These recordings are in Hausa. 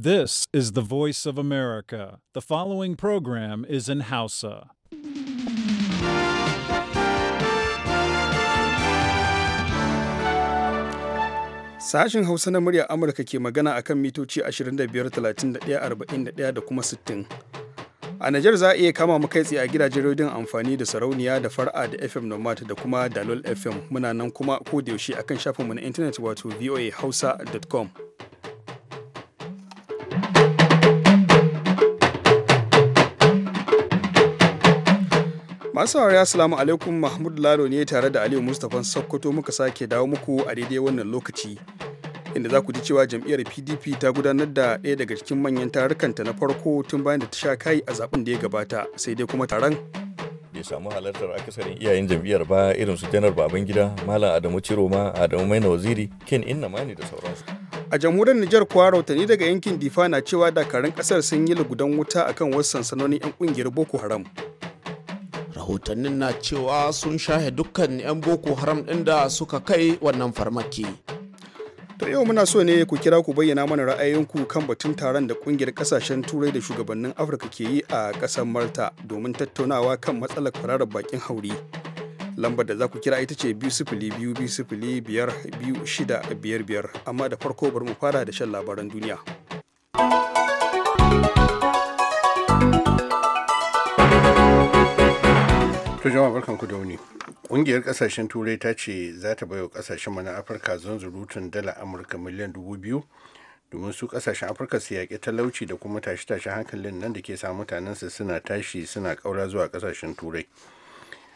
This is the voice of America. The following program is in Hausa. Sashen Hausa na murya Amurka ke magana a kan mitoci 25,31,41 da kuma 60. A Najar za a iya kama mu a gidajen rediyon amfani da sarauniya da fara da FM Nomad da kuma Dalol FM muna nan kuma ko da yaushe akan shafinmu na intanet wato voahausa.com. Masu saurari Assalamu alaikum Mahmud Lalo ne tare da Aliyu Mustapha Sokoto muka sake dawo muku a daidai wannan lokaci. Inda za ku ji cewa jam'iyyar PDP ta gudanar da ɗaya daga cikin manyan tarukanta na farko tun bayan da ta sha kai a zaben da ya gabata sai dai kuma taron bai samu halartar akasarin iyayen jam'iyyar ba irin su janar babangida malam adamu ciroma adamu maina waziri ken inna mani da sauransu a jamhuriyar nijar kuwa rautani daga yankin difa na cewa dakarun kasar sun yi lugudan wuta akan wasu sansanonin yan kungiyar boko haram rahotannin na cewa sun shahe dukkan 'yan boko haram ɗin da suka kai wannan farmaki ta yau muna so ne ku kira ku bayyana mana ra'ayinku kan batun taron da kungiyar kasashen turai da shugabannin afirka ke yi a ƙasar marta domin tattaunawa kan matsalar kwararar bakin hauri lambar da za ku kira ita ce biyu sifili biyu biyu sifili biyar biyu shida biyar amma da farko bari mu fara da shan labaran duniya. To jama'a barkan ku da wuni. Ƙungiyar ƙasashen Turai ta ce za ta baiwa ƙasashen mana Afirka zanzurutun dala Amurka miliyan dubu biyu domin su ƙasashen Afirka su yaƙi talauci da kuma tashi tashen hankalin nan da ke sa mutanensu suna tashi suna ƙaura zuwa ƙasashen Turai.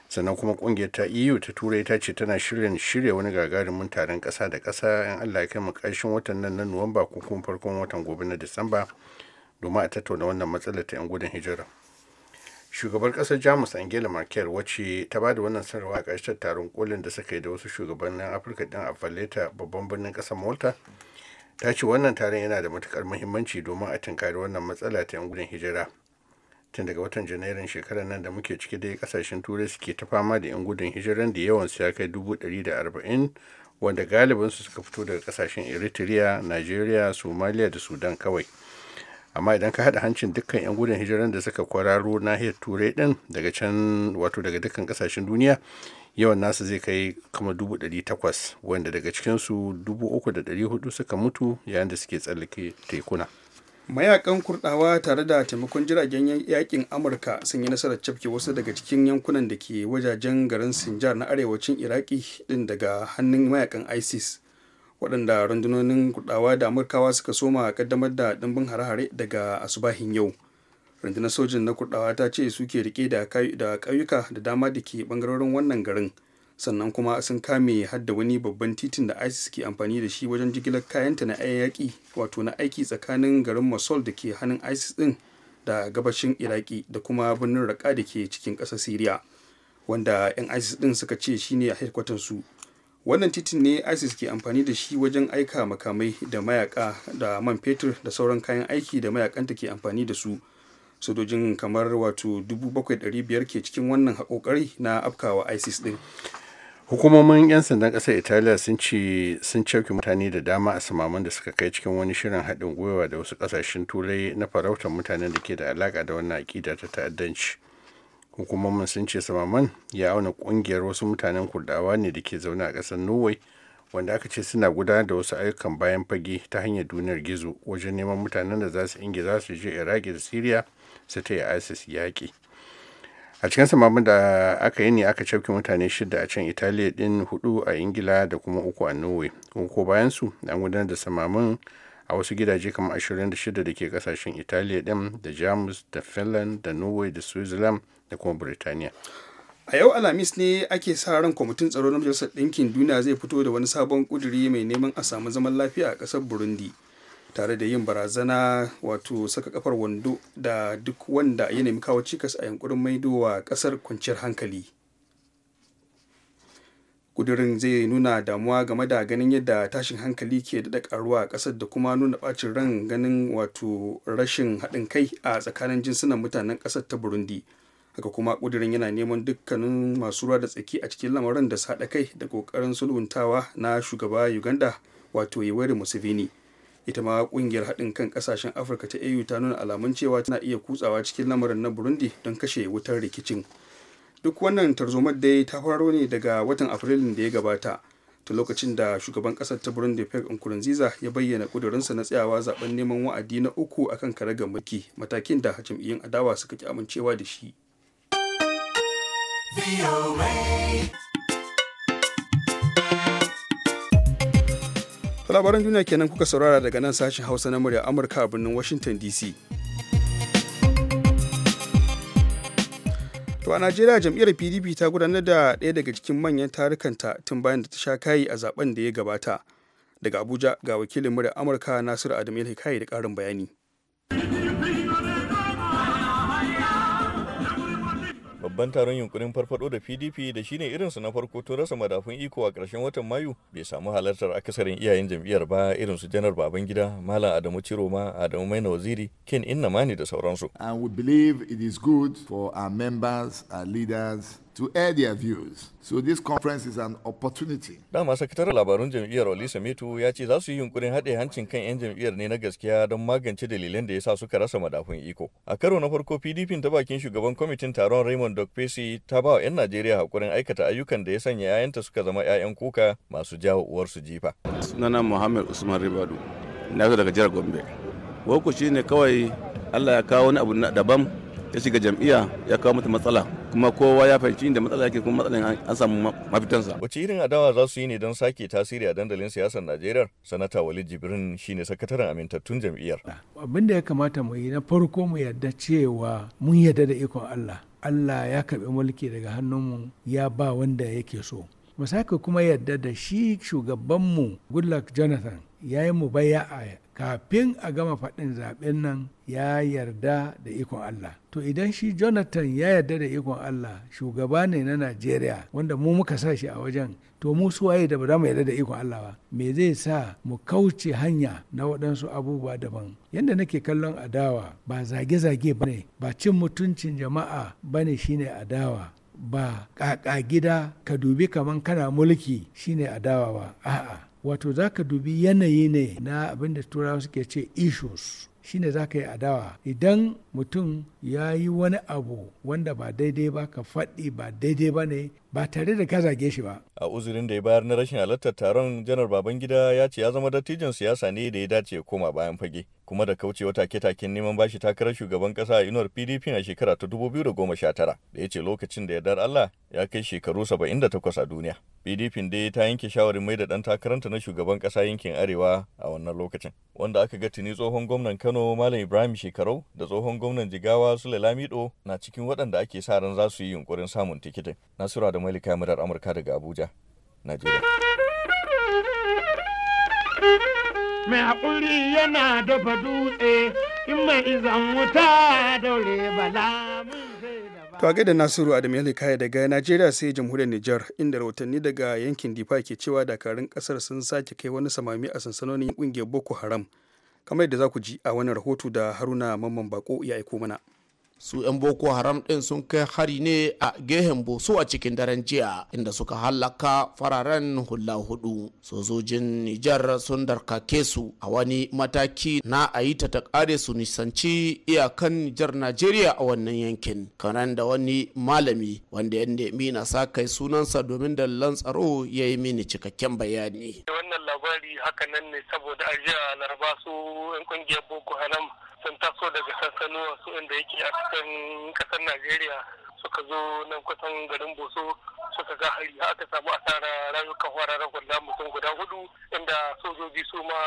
sannan kuma kungiyar ta eu ta turai ta ce tana shirin shirya wani gagarumin taron ƙasa da ƙasa in allah kai mu ƙarshen watan nan na nuwamba ko kuma farkon watan gobe na disamba domin a tattauna wannan matsalar ta yan gudun hijira shugabar kasar jamus angela merkel wacce ta ba da wannan sanarwa a karshen taron kolin da suka yi da wasu shugabannin afirka din a valletta babban birnin kasar malta ta ce wannan taron yana da matukar muhimmanci domin a tunkari wannan matsala ta yan gudun hijira tun daga watan janairun shekarar nan da muke ciki dai kasashen turai suke ta fama da yan gudun hijiran da yawan su ya kai dubu ɗari da arba'in wanda galibinsu suka fito daga kasashen eritrea nigeria somalia da sudan kawai amma idan ka haɗa hancin dukkan 'yan gudun hijiran da suka kwararo nahiyar turai ɗin daga can wato daga dukkan ƙasashen duniya yawan nasu zai kai kama dubu ɗari takwas wanda daga cikinsu dubu uku da ɗari hudu suka mutu yayin da suke tsallake tekuna mayakan kurɗawa tare da taimakon jiragen yakin amurka sun yi nasarar cafke wasu daga cikin yankunan da ke wajajen garin sinjar na arewacin iraki din daga hannun mayakan isis waɗanda rundunonin kudawa da amurkawa suka soma kaddamar da ɗimbin hare-hare daga asubahin yau rundunar sojin na kudawa ta ce suke rike da ƙauyuka da dama da ke ɓangarorin wannan garin sannan kuma sun kame hadda wani babban titin da isis ke amfani da shi wajen jigilar kayanta na yaƙi wato na aiki tsakanin garin mosul da ke hannun isis ɗin da gabashin iraki da kuma birnin raka da ke cikin ƙasar syria wanda 'yan isis ɗin suka ce shine a su wannan titin ne isis ke amfani da shi wajen aika makamai da mayaka da man fetur da sauran kayan aiki da mayakanta ke amfani da su sojojin kamar wato 7,500 ke cikin wannan haƙoƙari na afkawa isis din hukumomin 'yan sandan ƙasar italiya sun ce sun cauke mutane da dama a samaman da suka kai cikin wani shirin haɗin gwiwa da wasu ƙasashen turai na farautar mutanen da ke da alaƙa da wannan aƙida ta ta'addanci hukumomin sun ce samaman ya auna kungiyar wasu mutanen kurdawa ne da ke zaune a ƙasar norway wanda aka ce suna gudanar da wasu ayyukan bayan fage ta hanyar duniyar gizo wajen neman mutanen da za su za su je iraki da syria su ta yi isis yaƙi a cikin samamin da aka yi ne aka cafke mutane shida a can italiya din hudu a ingila da kuma uku a norway ko bayan su an gudanar da samamin a wasu gidaje kamar 26 da ke kasashen italiya din da jamus da finland da norway da switzerland da kuma Burtaniya. a yau alhamis ne ake sa ran kwamitin tsaro na majalisar ɗinkin duniya zai fito da wani sabon ƙuduri mai neman a samu zaman lafiya a ƙasar burundi tare da yin barazana wato saka kafar wando da duk wanda ya nemi kawo cikas a yankurin maido wa ƙasar kwanciyar hankali ƙudurin zai nuna damuwa game da ganin yadda tashin hankali ke daɗa ƙaruwa a ƙasar da kuma nuna ɓacin ran ganin wato rashin haɗin kai a tsakanin jinsunan mutanen ƙasar ta burundi haka kuma kudirin yana neman dukkanin masu ruwa da tsaki a cikin lamarin da sa kai da kokarin sulhuntawa na shugaba uganda wato yoweri museveni ita ma kungiyar haɗin kan ƙasashen afirka ta au ta nuna alamun cewa tana iya kutsawa cikin lamarin na burundi don kashe wutar rikicin duk wannan tarzomar dai ta faro ne daga watan afrilun da ya gabata ta lokacin da shugaban ƙasar ta burundi pierre nkurunziza ya bayyana ƙudurinsa na tsayawa zaben neman wa'adi na uku akan karagar mulki matakin da jam'iyyun adawa suka ki amincewa da shi labaran duniya kenan kuka saurara daga nan sashen hausa na murya amurka a birnin washington dc to a najeriya jam'iyyar pdp ta gudanar da ɗaya daga cikin manyan tarukanta tun bayan da ta sha kayi a zaben da ya gabata daga abuja ga wakilin murya amurka nasiru adamu hikaye da ƙarin bayani babban taron yunkurin farfado da pdp da shine irinsu na farko tun rasa madafun iko a ƙarshen watan mayu bai samu halartar akasarin iyayen jam'iyyar ba irin su janar baban gida malam adamu ciroma adamu maina waziri ken inna mani da sauransu and we believe it is good for our members our leaders to air their views. So this conference is an opportunity. Dama sakataren labarun jam'iyyar Olisa mitu ya ce za su yi yunkurin haɗe hancin kan 'yan jam'iyyar ne na gaskiya don magance dalilan da ya sa suka rasa madafun iko. A karo na farko PDP ta bakin shugaban kwamitin taron Raymond Dokpesi ta ba wa 'yan Najeriya hakurin aikata ayyukan da ya sanya 'ya'yanta suka zama 'ya'yan kuka masu jawo su jifa. Sunana Muhammad Usman Ribadu, na daga jihar Gombe. Wako shine kawai Allah ya kawo wani abu daban ya shiga jam'iyya ya kawo mata matsala kuma kowa ya fahimci inda matsala yake kuma matsalan an samu mafitansa. Wace irin adawa za su yi ne don sake tasiri a dandalin siyasar Najeriya? Sanata Walid Jibrin shine sakataren amintattun jam'iyyar. Abin da ya kamata mu yi na farko mu yarda cewa mun yarda da ikon Allah. Allah ya karɓi mulki daga hannunmu ya ba wanda yake so. Mu sake kuma yarda da shi shugabanmu Goodluck Jonathan ya yi mu baya kafin a gama faɗin zaɓen nan ya yarda da ikon Allah. To idan shi Jonathan ya yarda da ikon Allah shugaba ne na Najeriya wanda mu muka sa shi a wajen to mu suwaye da ba za mu yarda da ikon Allah ba me zai sa mu kauce hanya na waɗansu abubuwa daban. Yadda nake kallon adawa ba zage-zage ba ne ba cin mutuncin jama'a ba ne shine adawa. Ba ƙaƙa gida ka dubi kaman kana mulki shine adawa ba a'a. wato za ka dubi yanayi ne na abinda da turawa suke ce issues shine za ka yi adawa idan mutum ya yi wani abu wanda ba daidai ba ka faɗi ba daidai ba ne ba tare da ka zage shi ba. A uzurin da ya bayar na rashin halartar taron janar Babangida ya ce ya zama dattijan siyasa ne da ya dace ya koma bayan fage. Kuma da kaucewa take-taken neman bashi takarar shugaban kasa a inuwar PDP a shekara ta 2019 da ya ce lokacin da ya dar Allah ya kai shekaru saba'in da takwas a duniya. PDP dai ta yanke shawarin mai da ɗan takaranta na shugaban kasa yankin Arewa a wannan lokacin. Wanda aka ga tuni tsohon gwamnan Kano Malam Ibrahim Shekarau da tsohon gwamnan Jigawa Sule Lamido na cikin waɗanda ake sa ran za su yi yunƙurin samun tikitin. nasiru Malika murar Amurka daga Abuja, Najeriya. Mai haƙuri yana dafa dutse in mai izan wuta daure bala To a da Nasiru Adam Kaya daga Najeriya sai jamhuriyar Nijar inda rahotanni daga yankin Difa ke cewa dakarun kasar sun sake kai wani samami a sansanonin kungiyar Boko Haram. Kamar yadda za ku ji a wani rahoto da Haruna Mamman Bako ya aiko mana. su 'yan boko haram ɗin sun kai hari ne a gehen boso a cikin daren jiya inda suka hallaka fararen hula hudu sojojin nijar sun darkake su a wani mataki na a yi ta kare su nisanci iyakan nijar najeriya a wannan yankin kanan da wani malami wanda ya nemi na sa kai sunansa domin dallan tsaro ya yi mini cikakken bayani wannan labari haka nan ne saboda a jiya laraba su 'yan kungiyar boko haram sun taso daga sansanu wasu inda yake a cikin kasar najeriya suka zo nan kusan garin boso suka ga hari aka samu asara rayukan wararen guda mutum guda hudu inda sojoji su ma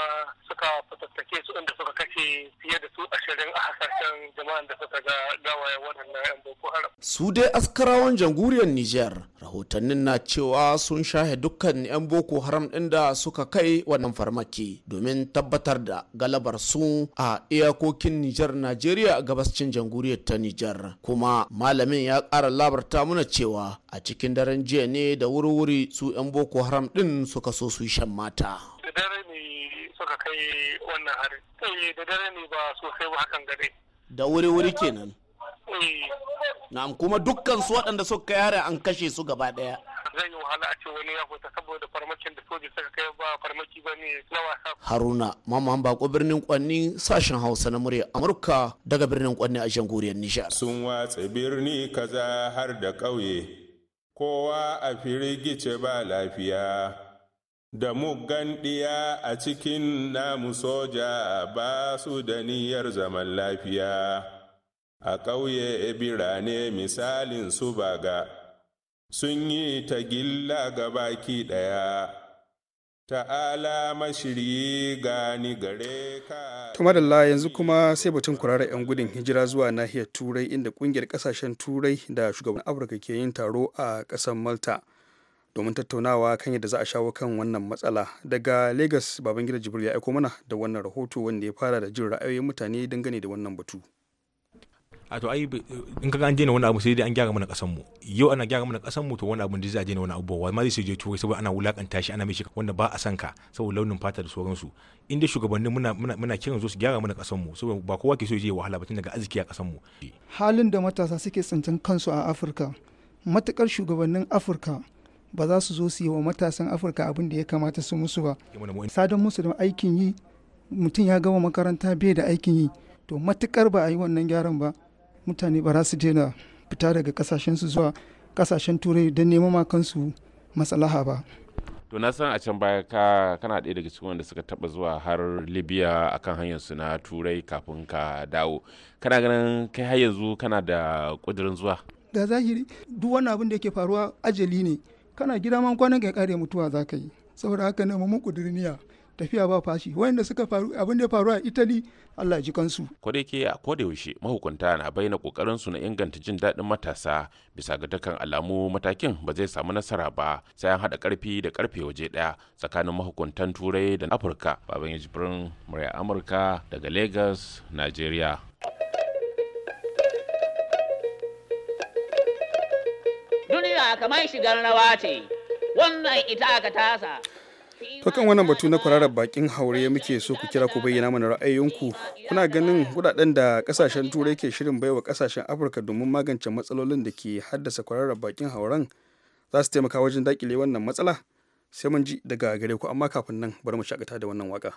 suka fatattake su inda suka kashe fiye da su ashirin a hasashen jama'an da suka ga gawayen waɗannan 'yan boko haram. su dai askarawan jamhuriyar nijar. rahotannin na cewa sun shahe dukkan 'yan boko haram ɗin da suka kai wannan farmaki domin tabbatar da galabar su a iyakokin nijar najeriya gabascin jamhuriyar ta nijar kuma malamin ya ƙara labarta muna cewa a cikin daren jiya ne da wuri-wuri su 'yan boko haram ɗin suka so su shan mata da dare da wuri-wuri kenan Eh. Na'am kuma dukkan su waɗanda suka yare an kashe su gaba ɗaya. Zai yi wahala a ce wani ya huta saboda farmakin da soji suka kai ba farmaki ba ne na wasa. Haruna Mamman Bako birnin Kwanni sashen Hausa na murya Amurka daga birnin Kwanni a jamhuriyar Nijar. Sun watsa birni kaza har da ƙauye. Kowa a firgice ba lafiya. Da muggan ɗiya a cikin namu soja ba su da niyyar zaman lafiya. a ƙauye birane misalin su baga, sun yi ta gilla ga baki ɗaya, ta'ala mashiri gani gare ka. Tumadalla yanzu kuma sai batun kurara 'yan gudun hijira zuwa nahiyar Turai inda ƙungiyar ƙasashen Turai da shugaban Afirka ke yin taro a ƙasar Malta. domin tattaunawa kan yadda za a shawo kan wannan matsala daga lagos babangida jibril ya aiko mana da wannan rahoto wanda ya fara da jin ra'ayoyin mutane dangane da wannan batu a to ai in kaga an daina wani abu sai dai an gyara mana kasan mu yau ana gyara mana kasan mu to wani abu da zai daina wani abu ba ma zai sai je turai saboda ana wulakanta shi ana mishi wanda ba a san ka saboda launin fata da sauransu in dai shugabannin muna muna, muna kiran zo su gyara mana kasan mu saboda ba kowa ke so je wahala ba tun daga arziki a kasan mu halin da matasa suke tsintan kansu a Afirka matukar shugabannin Afirka ba za su zo su yi wa matasan Afirka abin da ya kamata su musu ba sadan musu da aikin yi mutum ya gama makaranta bai da aikin yi to matukar ba a yi wannan gyaran ba mutane ba su daina fita daga kasashensu zuwa kasashen turai don neman ma kansu matsalaha ba to na san a can baya ka kana ɗaya daga cikin wanda suka taɓa zuwa har libya akan hanyar su na turai kafin ka dawo kana ganin kai har yanzu kana da ƙudurin zuwa da zahiri duk wani abin da yake faruwa ajali ne kana gida man kwanan ka kare mutuwa za ka yi saboda haka ne mu ƙudurniya tafiya ba fashi wayanda suka faru abin da faru a itali allah ji kansu ko da yake a koda yaushe mahukunta na bayyana kokarin su na inganta jin daɗin matasa bisa ga dukkan alamu matakin ba zai samu nasara ba sai an haɗa karfi da karfe waje ɗaya tsakanin mahukuntan turai da afirka baban yajibirin murya amurka daga lagos nigeria duniya kamar shigar rawa ce wannan ita aka tasa To kan wannan batu na kwararar bakin haure muke so ku kira ku bayyana mana ra'ayoyinku. Kuna ganin kudaden da kasashen turai ke shirin baiwa kasashen Afirka domin magance matsalolin da ke haddasa kwararar bakin hauren za su taimaka wajen dakile wannan matsala? Sai mun ji daga gare ku amma kafin nan bari mu shakata da wannan waka.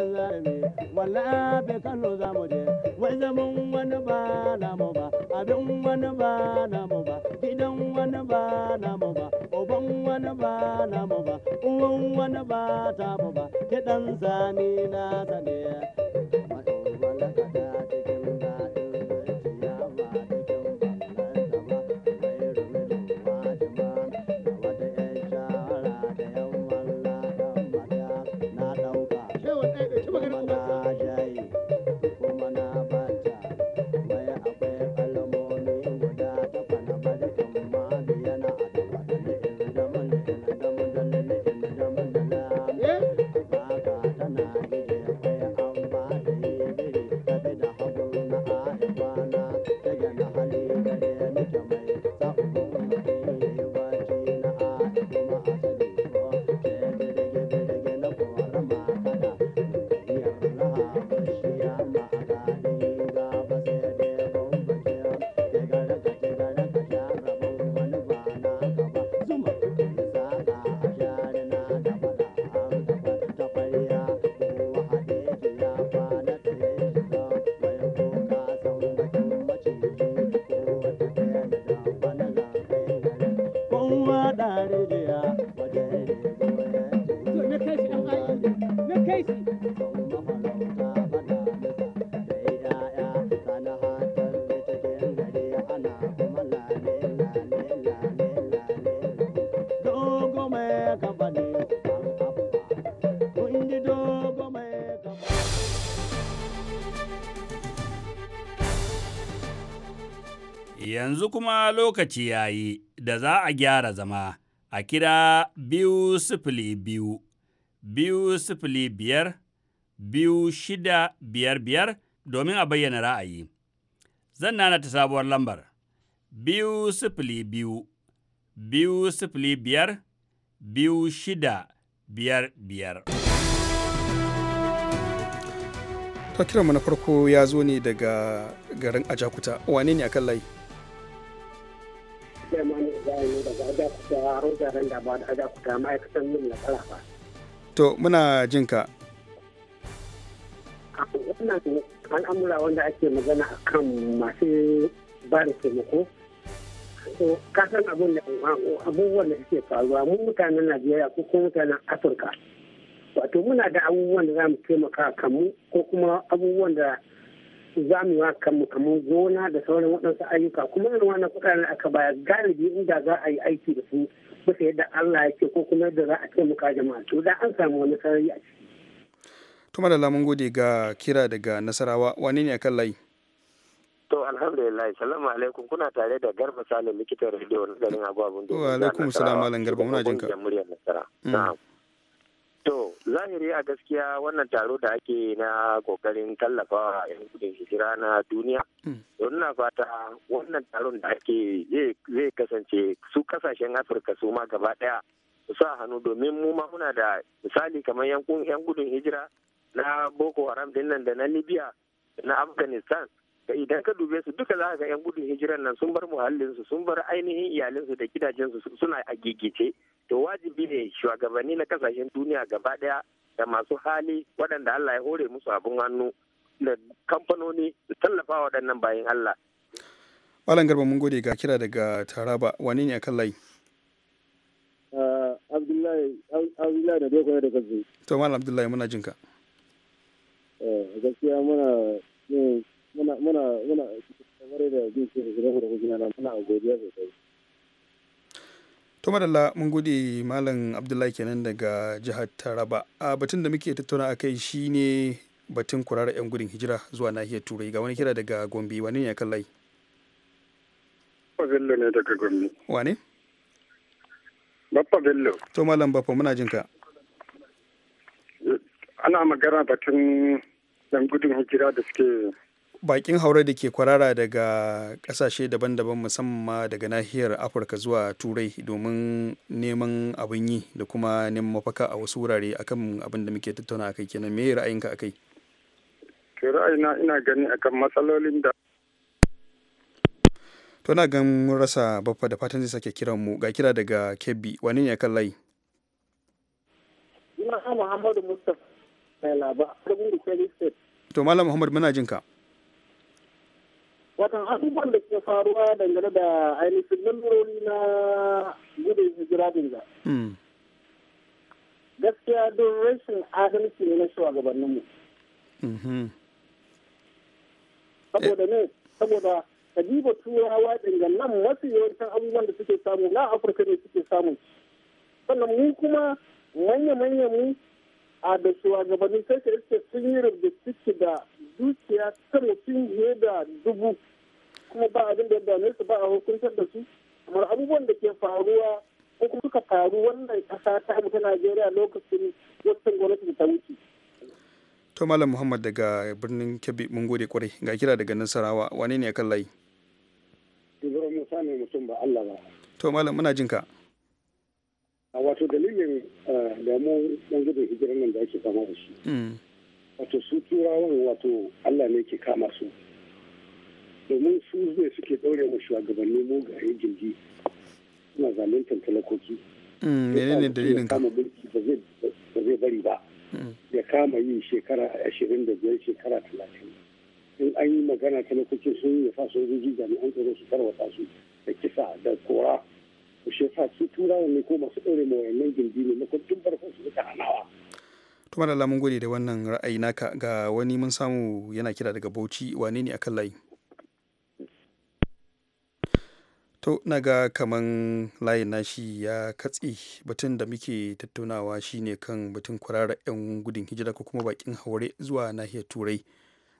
da zarumi wallahi kano za mu je wai zaman wani ba namu ba abin wani ba namu ba gidan wani ba namu ba uban wani ba namu ba uwan wani ba tamu ba kiɗan zane na zane. yanzu kuma lokaci ya yi da za a gyara zama a kira biyu sifili biyu, biyu sifili biyar, biyu shida biyar biyar domin a bayyana ra'ayi. Zan nana ta sabuwar lambar, biyu sifili biyu, biyu sifili biyar, biyu shida biyar biyar. To kiranmu na farko ya zo ne daga garin Ajakuta, wane ne a kan layi? Ibrahim daga Ajakuta Rodaren da ba da ma'aikatan yin na ba To muna jin ka. Wannan al'amura wanda ake magana a kan masu ba da taimako. To kasan abubuwan da suke faruwa mu mutanen Najeriya ko kuma mutanen Afirka. Wato muna da abubuwan da za mu taimaka mu ko kuma abubuwan da za mu yi kanmu kamar gona da sauran waɗansu ayyuka kuma irin wannan kuɗaɗen aka baya galibi inda za a yi aiki da su bisa yadda Allah ya ce ko kuma yadda za a taimaka jama'a to da an samu wani sarari a ciki. Tuma da lamun gode ga kira daga Nasarawa wane ne akan layi? To alhamdulillah salamu alaikum kuna tare da Garba Salim likitan rediyo na garin Abu dole. Wa alaikum salam Malam Garba muna jinka. Mm. Na'am. To zahiri a gaskiya wannan taro da ake na kokarin tallafawa yan gudun hijira na duniya. Don hmm. na fata wannan taron da ake zai kasance su kasashen Afirka su ma gaba daya sa hannu domin mu ma muna da misali kamar yan gudun hijira na Boko Haram din nan da na Libya na Afghanistan idan ka dube su duka za ka ga 'yan gudun hijiran nan sun bar muhallinsu sun bar ainihin iyalinsu da gidajensu suna a gigice to wajibi ne shugabanni na kasashen duniya gaba daya da masu hali waɗanda Allah ya hore musu abin hannu da kamfanoni su tallafa waɗannan bayan Allah. Malam Garba mun gode ga kira daga Taraba wane ne akan layi? Ah, Abdullahi da dai kwaye da kanzu. To Malam Abdullahi muna jin ka. Eh, gaskiya muna yin muna muna muna kamar da jin ce da gidan na muna godiya sosai to madalla mun gode malam abdullahi kenan daga jihar taraba a batun da muke tattauna a kai shine batun kurara 'yan gudun hijira zuwa nahiyar turai ga wani kira daga gombe wani ne kan layi bello ne daga gombe wane bappa bello to malam bappa muna jinka ana magana batun 'yan gudun hijira da suke bakin haure da ke kwarara daga kasashe daban-daban musamman daga nahiyar afirka zuwa turai domin neman abin yi da kuma neman mafaka a wasu wurare akan abin da muke tattauna akai kenan me ra'ayinka kai. ke na ina gani akan matsalolin da to na gan mun rasa babba da fatan zai sake kiran mu ga kira daga kebbi wani ne kan layi ina muhammadu mustapha mai to malam muhammad muna jinka watan abubuwan da ke faruwa dangane da ainihin lalurori na gudun hijira dinga hmm. gaskiya don rashin adalci ne na shugabanninmu mhm. saboda ne saboda kadiba turawa dinga nan masu yawancin abubuwan da suke samu na afirka ne suke samu sannan mu kuma manya manya mu a da shugabanni sai ka iske sun yi rubda da dukiya ta mutum fiye da dubu kuma ba abin da ya dame su ba a hukuntar da su kamar abubuwan da ke faruwa ko kuma suka faru wannan kasa ta mu ta Najeriya lokacin wata gwamnati da ta wuce. To Malam Muhammad daga birnin Kebbi mun gode kwarai ga kira daga Nasarawa wane ne kan layi? Ibrahim Musa ne mutum ba Allah ba. To Malam muna jinka. A wato dalilin eh, da mu ɗan gudun hijirar nan da ake kama da shi. Mm. wato su turawan wato allah ne ke kama su domin su ne suke ɗaure mu shugabanni mugaye jirgi suna zaluntar talakoki mm, menene dalilin ka kama ba zai bari ba mm. ya kama yi shekara ashirin da biyar shekara talatin in an yi magana talakokin sun ya fa sojoji jami'an tsaro su tarwata su da kisa da kora ku shefa su turawan ne ko masu ɗaure mu wayannan gindi ne na kwantin barkon su suka hanawa to da lamun gode da wannan ra'ayi naka ga wani mun samu yana kira daga bauchi wane ne akan layi to na ga kaman layin nashi ya katse batun da muke tattaunawa shine kan batun kurara 'yan gudun hijira ko kuma bakin haure zuwa nahiyar turai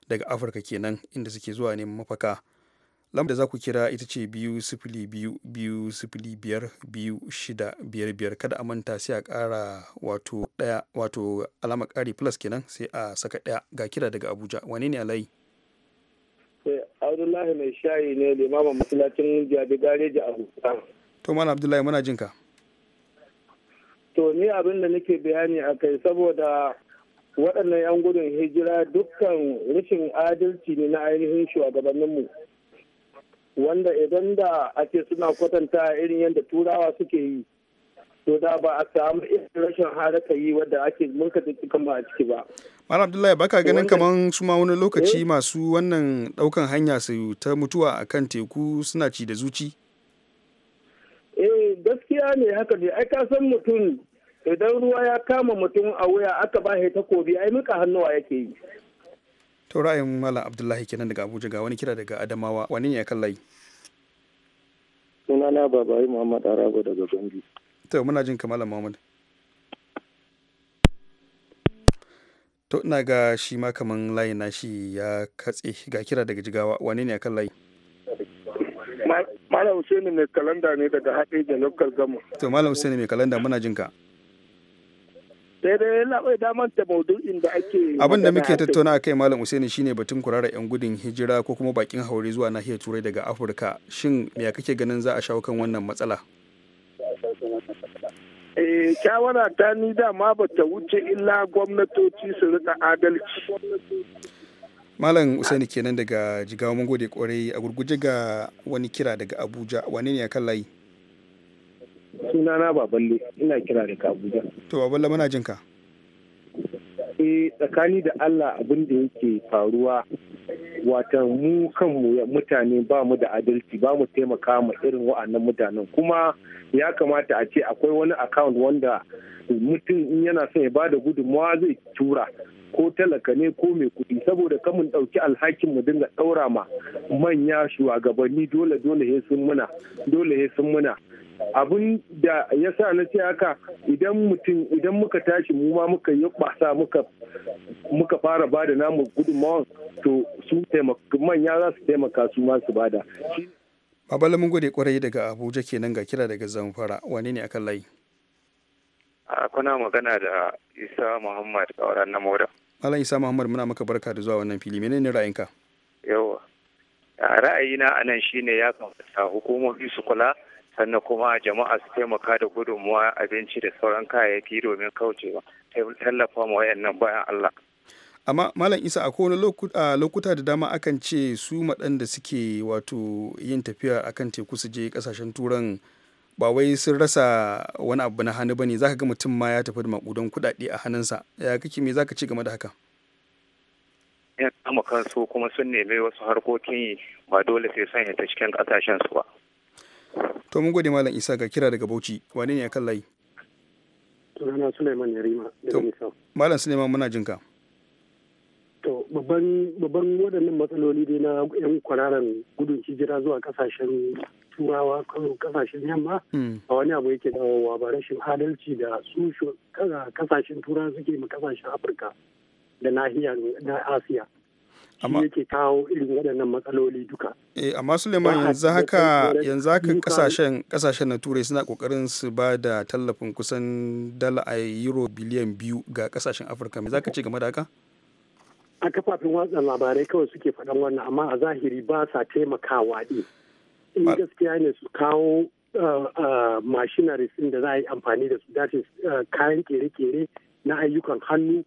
daga afirka kenan inda suke zuwa neman mafaka lambar da za ku kira ita ce biyu sifili biyu biyu sifili biyar biyu shida biyar biyar kada a manta sai a ƙara wato daya wato alama ƙari plus kenan sai a saka ɗaya ga kira daga abuja wane ne alayi eh, abdullahi mai shayi ne limamin masallacin jabi gareji abuja to mana abdullahi muna jinka to ni abin da nake bayani a kai saboda waɗannan 'yan gudun hijira dukkan rashin adalci ne na ainihin shugabanninmu wanda idan da ake suna kwatanta irin yadda turawa suke yi to da ba a samu irin rashin haraka yi wadda ake munka ciki kan ba a ciki ba. Mara Abdullahi baka ganin kamar su ma wani lokaci eh? masu wannan daukan hanya su ta mutuwa a kan teku suna ci da zuci? Eh gaskiya ne haka ne ai ka san mutum idan ruwa ya kama mutum a wuya aka ba takobi ai muka hannuwa yake yi. to ra'ayin malam abdullahi kenan daga abuja ga wani kira daga adamawa wani ne ya kan layi sunana babayi muhammad arago daga bangi to muna jin malam muhammad to ina ga shi ma kaman layi na shi ya katse ga kira daga jigawa wani ne ya kan layi malam husaini mai kalanda ne daga haɗe da local gama to malam husaini mai kalanda muna jin ka sai abin da muke tattauna kai malam Usaini shine batun kurara yan gudun hijira ko kuma bakin haure zuwa nahiyar turai daga afirka shin me kake ganin za a shawo kan wannan matsala eh shawara ta ni dama ba ta wuce illa gwamnatoci su rika adalci malam usaini kenan daga jigawa mun gode kwarai a gurguje ga wani kira daga abuja wane ne ya kan layi sunana baballe ina kira da abuja to baballe muna jin ka eh tsakani da allah abin da yake faruwa wata mu kan mutane ba mu da adalci ba mu taimaka ma irin wa'annan mutanen kuma ya kamata a ce akwai wani account wanda mutum in yana son ya ba da gudunmawa zai tura ko talaka ne ko mai kuɗi saboda kamun ɗauki alhakin mu dinga ɗaura ma manya shugabanni dole dole sun muna dole sun muna Abin da ya sa na ce haka idan mutum idan muka tashi mu ma muka yi kwasa muka fara ba da namu gudunmawan to su manya za su taimaka su ma su bada. Babala mun gode kwarai daga Abuja kenan ga kira daga Zamfara wane ne akan layi? Kuna magana da Isa Muhammad Kauran na Moda. Malam Isa Muhammad muna maka barka da zuwa wannan fili menene ra'ayinka? Yawa. Ra'ayina a nan shine ya kamata hukumomi su kula sannan kuma jama'a su taimaka da gudunmuwa abinci da sauran kayayyaki domin kaucewa tallafa ma wayannan bayan Allah. Amma Malam Isa a kowane lokuta da dama akan ce su maɗanda suke wato yin tafiya akan teku su je ƙasashen turan ba wai sun rasa wani abu na hannu bane zaka ga mutum ma ya tafi da makudan kuɗaɗe a hannunsa ya kake me zaka ce game da haka? Ya kama kansu kuma sun nemi wasu harkokin ba dole sai sanya ta cikin kasashen su ba. to mun gode malam isa ga kira daga bauchi wane ne a kan layi sunana suleiman yarima daga nisa malam suleiman muna jinka to babban waɗannan matsaloli dai na yan kwararan gudun hijira zuwa kasashen turawa kasashen yamma hmm. a wani abu yake dawowa ba rashin adalci da su kasashen turawa suke ma kasashen afirka da nahiyar na asiya shi yake kawo irin waɗannan matsaloli duka. Eh, amma Suleiman yanzu haka yanzu haka kasashen kasashen na Turai suna kokarin su ba da tallafin kusan dala a euro biliyan biyu ga kasashen Afirka. Me zaka ce game da haka? A kafafen watsa labarai kawai suke faɗan wannan amma a zahiri ba sa taimakawa ne. In gaskiya ne su kawo uh, uh, mashinari da za a yi amfani da su dace uh, kayan kere-kere na ayyukan hannu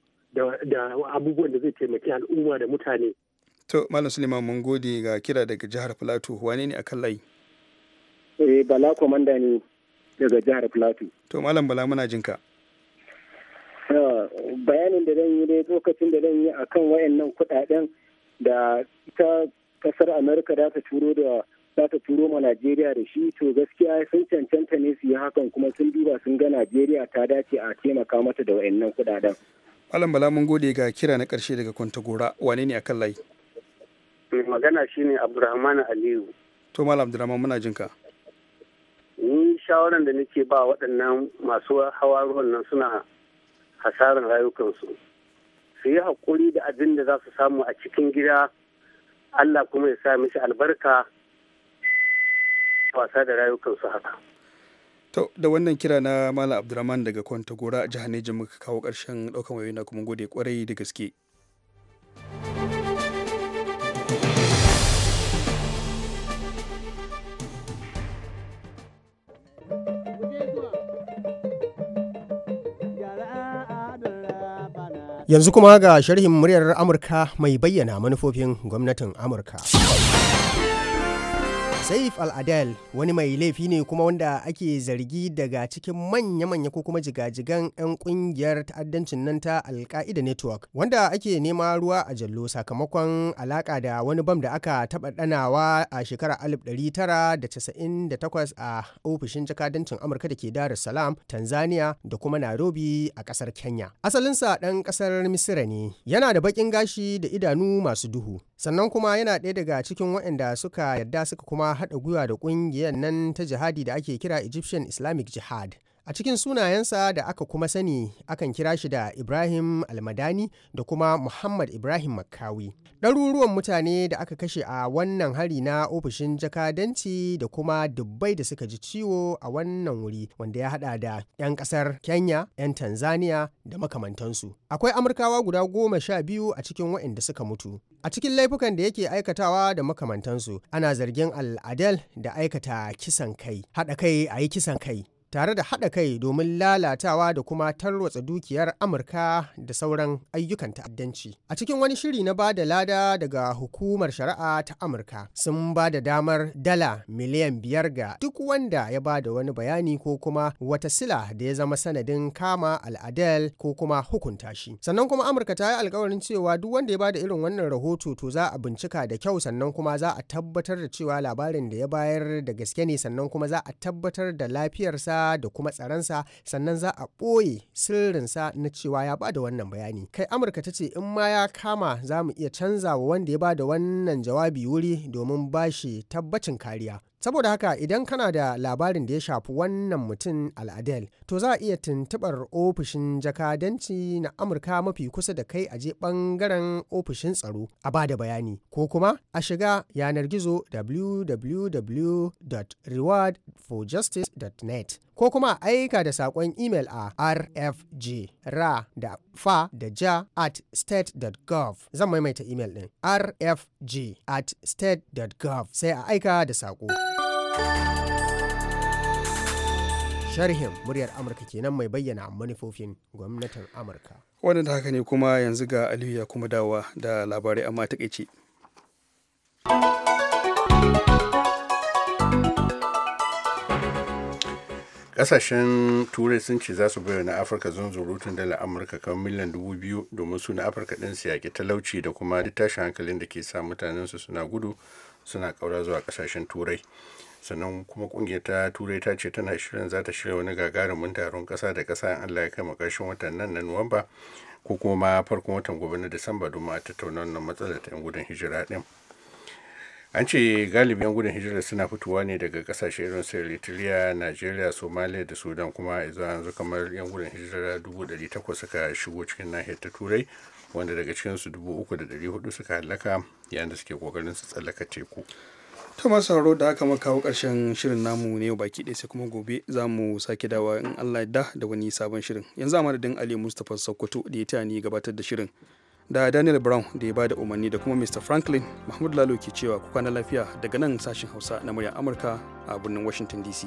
da abubuwan da zai taimaki al'umma da mutane. To, Malam Suleiman mun gode ga kira daga jihar Filato, wane ne akan layi? Eh, Bala Komanda ne daga jihar Filato. To, Malam Bala muna jinka. Bayanin da zan yi dai lokacin da zan yi a kan wayannan kuɗaɗen da ita kasar Amerika za ta turo da za ta turo ma Najeriya da shi to gaskiya sun cancanta ne su yi hakan kuma sun duba sun ga Najeriya ta dace a taimaka mata da wayannan kuɗaɗen. Alan Bala mun gode ga kira na ƙarshe daga Kwantagora wane ne akan layi? Mai magana shine Abdurrahman Aliyu. To Malam Abdurrahman muna jin ka. Ni shawaran da nake ba waɗannan masu hawa ruwan nan suna hasaran rayukansu. Su yi haƙuri da abin da za su samu a cikin gida Allah kuma ya sa mishi albarka wasa da rayukansu haka. To da wannan kira na Malam Abdulrahman daga kwanta gora a jihar Neja muka kawo ƙarshen ɗaukan wayoyi na kuma gode kwarai da gaske. Yanzu kuma ga sharhin muryar Amurka mai bayyana manufofin gwamnatin Amurka. Saif al-Adal wani mai laifi ne kuma wanda ake zargi daga cikin manya-manya ko kuma jigajigan 'yan kungiyar ta'addancin nan ta alka'ida Network wanda ake nema ruwa a jallo sakamakon alaka da wani bam da aka taɓa ɗanawa a shekarar 1998 a ofishin jakadancin Amurka da ke Dar es Salaam, Tanzania da kuma Nairobi a ƙasar Kenya. Asalinsa ɗan ƙasar Misira ne, yana da baƙin gashi da idanu masu duhu. sannan kuma yana ɗaya daga cikin waɗanda suka yadda suka kuma haɗa gwiwa da ƙungiyar nan ta jihadi da ake kira egyptian islamic jihad A cikin sunayensa da aka kuma sani akan kira shi da Ibrahim Almadani da kuma Muhammad Ibrahim Makkawi. Ɗaruruwan mutane da aka kashe a wannan hari na ofishin jakadanci da kuma dubbai da suka ji ciwo a wannan wuri wanda ya hada da 'yan ƙasar Kenya, 'yan Tanzania da makamantansu. Akwai Amurkawa guda goma sha biyu a cikin wa'inda suka mutu. A cikin laifukan da yake aikatawa da makamantansu ana zargin al'adal da aikata kisan kai, haɗa kai a yi kisan kai. tare da haɗa kai domin lalatawa da kuma tarwatsa dukiyar amurka da sauran ayyukan ta'addanci a cikin wani shiri na ba da lada daga hukumar shari'a ta amurka sun ba da damar dala miliyan biyar ga duk wanda ya ba da wani bayani ko kuma wata sila da ya zama sanadin kama al'adal ko kuma hukunta shi sannan kuma amurka ta yi alkawarin cewa duk wanda ya ba da irin wannan rahoto to za a bincika da kyau sannan kuma za a tabbatar da cewa labarin da ya bayar da gaske ne sannan kuma za a tabbatar da lafiyarsa da kuma tsaronsa sannan za a ɓoye sirrinsa na cewa ya ba da wannan bayani kai amurka ta ce in ma ya kama za mu iya canza wa wanda ya ba da wannan jawabi wuri domin ba shi tabbacin kariya saboda haka idan kana da labarin da ya shafi wannan mutum al'adel to za a iya tuntubar ofishin jakadanci na amurka mafi kusa da kai a je bangaren ofishin tsaro a ba da bayani ko kuma a shiga yanar gizo www.rewardforjustice.net ko kuma a aika da saƙon imel a rfg ra da fa da ja at state.gov zan maimaita imel din, rfg at state.gov sai a aika da saƙo. sharhin muryar amurka kenan mai bayyana manufofin gwamnatin amurka wadanda haka ne kuma yanzu ga aliyu ya kuma dawa da labarai amma takaice. kasashen turai sun ce za su na afirka zurutun dala amurka kamar miliyan dubu biyu domin su na afirka din su yaƙi talauci da kuma duk tashin hankalin da ke sa mutanensu suna gudu suna kaura zuwa kasashen turai sannan kuma kungiyar ta turai ta ce tana shirin za ta shirya wani gagarumin taron ƙasa da kasa in allah ya kai makashin watan nan na nuwamba ko kuma farkon watan gobe na disamba domin a tattauna wannan matsalar ta 'yan gudun hijira ɗin. an ce galibin gudun hijira suna fitowa ne daga kasashe irin su eritrea nigeria somalia da sudan kuma izuwa yanzu kamar yan gudun hijira 800 suka shigo cikin nahiyar ta turai wanda daga cikinsu 3,400 suka halaka yayin da suke kokarin su tsallaka teku Thomas Sauro da aka makawo karshen shirin namu ne baki ɗaya sai kuma gobe za mu sake dawa in Allah da da wani sabon shirin. Yanzu a madadin Ali Mustapha Sokoto da ya ni gabatar da shirin. da daniel brown da ya ba da umarni da kuma mr franklin mahmud lalo ke cewa kuka na lafiya daga nan sashen hausa na murya amurka a birnin washington dc